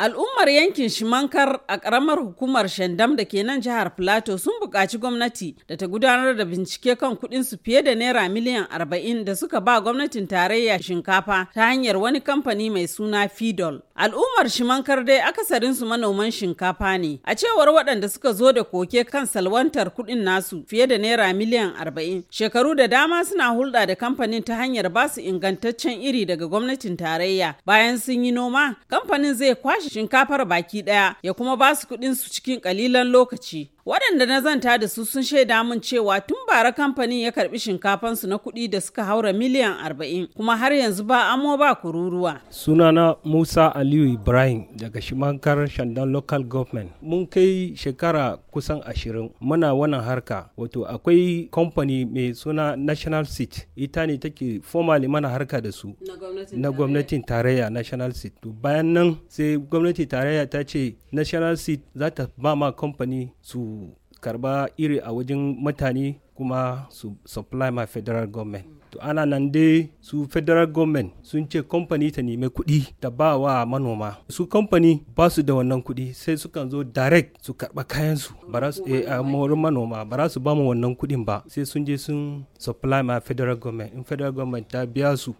Al'ummar yankin Shimankar a ƙaramar hukumar Shandam da ke nan jihar Filato sun buƙaci gwamnati da ta gudanar da bincike kan kuɗinsu fiye da naira miliyan arba'in da suka ba gwamnatin tarayya shinkafa ta hanyar wani kamfani mai suna Fidol. Al'ummar Shimankar dai akasarin su manoman shinkafa ne. A cewar waɗanda suka zo da koke kan salwantar kuɗin nasu fiye da naira miliyan arba'in. Shekaru da dama suna hulɗa da kamfanin ta hanyar ba su ingantaccen iri daga gwamnatin tarayya. Bayan sun yi noma, kamfanin zai kwashe shinkafar baki ɗaya ya kuma ba su kuɗin su cikin ƙalilan lokaci. Waɗanda na zanta da su sun shaida min cewa tun bara kamfanin ya karɓi shinkafansu na kuɗi da suka haura miliyan arba'in kuma har yanzu ba amo ba kururuwa. Sunana Musa Aliyu Ibrahim daga shimankar Shandan Local Government. Mun kai shekara kusan ashirin muna wannan harka wato akwai kamfani mai suna National Seat ita ne take formally mana harka da su na gwamnatin tarayya National Seat. Bayan nan sai gwamnati tarayya ta ce national seed za ta ba ma kamfani su karba iri a wajen mutane kuma su supply ma federal government to ana nan dai su federal government sun ce kamfani ta nemi kuɗi da ba wa manoma su kamfani ba su da wannan kuɗi sai su kan zo direct su karɓa kayansu bara su eh, a manoma bara su ba mu wannan kuɗin ba sai sun je sun supply ma federal government in federal government ta biya su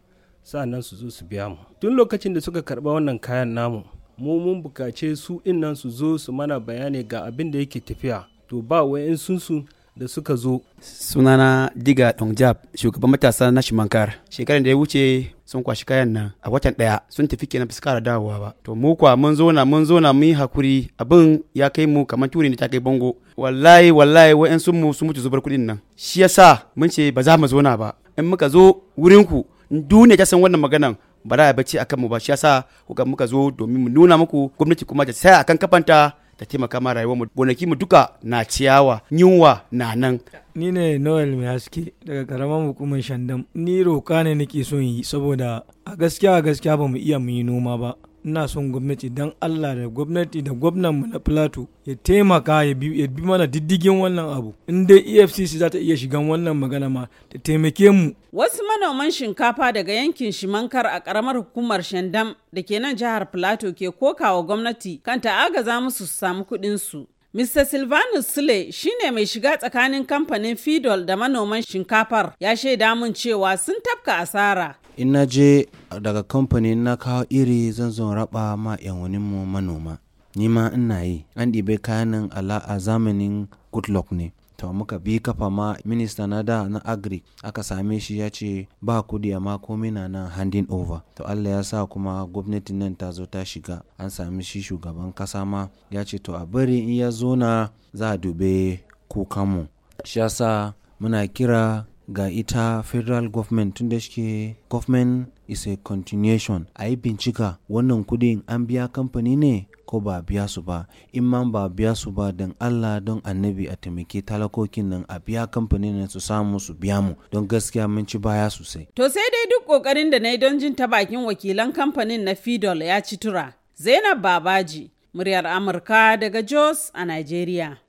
sa'annan su zo su biya mu tun lokacin da suka karɓa wannan kayan namu mu mun bukace su nan su zo su mana bayani ga abin da yake tafiya to ba su da suka zo sunana diga dongjab shugaban matasa na shimankar shekaran da ya wuce sun kwashi kayan nan a watan daya sun tafi kenan su kara dawowa ba to mu kwa mun zo na mun zo na mun hakuri abin ya kai mu kamar turi ne ta kai bango wallahi wallahi wa'in sun mu sun mutu zubar kudin nan shi yasa mun ce ba za mu zo na ba in muka zo wurin ku duniya ta san wannan maganan ba za a bacci a kanmu ba shi yasa kuka muka zo domin mu nuna muku gwamnati kuma ta tsaya akan kafanta ta taimaka ma rayuwar mu gonaki mu duka na ciyawa yunwa na nan ni ne noel mai haske daga karamar hukumar shandam ni roka ne nake son yi saboda a gaskiya a gaskiya ba mu iya mu yi noma ba ina son gwamnati don allah da gwamnati da gwamnanmu na plateau ya taimaka ya bi mana diddigin wannan abu in dai efcc za ta iya shigan wannan magana ma ta taimake mu wasu manoman shinkafa daga yankin shimankar a karamar hukumar shandam da ke nan jihar plateau ke kokawa gwamnati kan ta agaza musu su samu kuɗinsu. su Mr. Silvanus Sule shi ne mai shiga tsakanin kamfanin Fidol da manoman shinkafar ya shaida mun cewa sun tafka asara. In na je daga kamfani na kawo iri zan zo raba ma mu manoma. Ni ma ina yi, an ɗibe kayanin ala a zamanin Goodluck ne. to muka bi kafa ma minista na da na agri aka same shi ya ce ba kudi amma komai na nan handin over to allah ya sa kuma gwamnatin nan ta zo ta shiga an sami shi shugaban kasa ma ya ce to a bari in ya zo na za a dube kukanmu shi ya sa muna kira ga ita federal government tun da shike government is a continuation a yi bincika wannan kudin an biya kamfani ne ko ba biya su ba in ma ba biya su ba don allah don annabi a taimake talakokin nan a biya kamfanin nan su samu su biya mu don gaskiya mun ci baya sosai to sai dai duk kokarin da na yi don jin ta bakin wakilan kamfanin na fidol ya ci tura zainab babaji muryar amurka daga jos a nigeria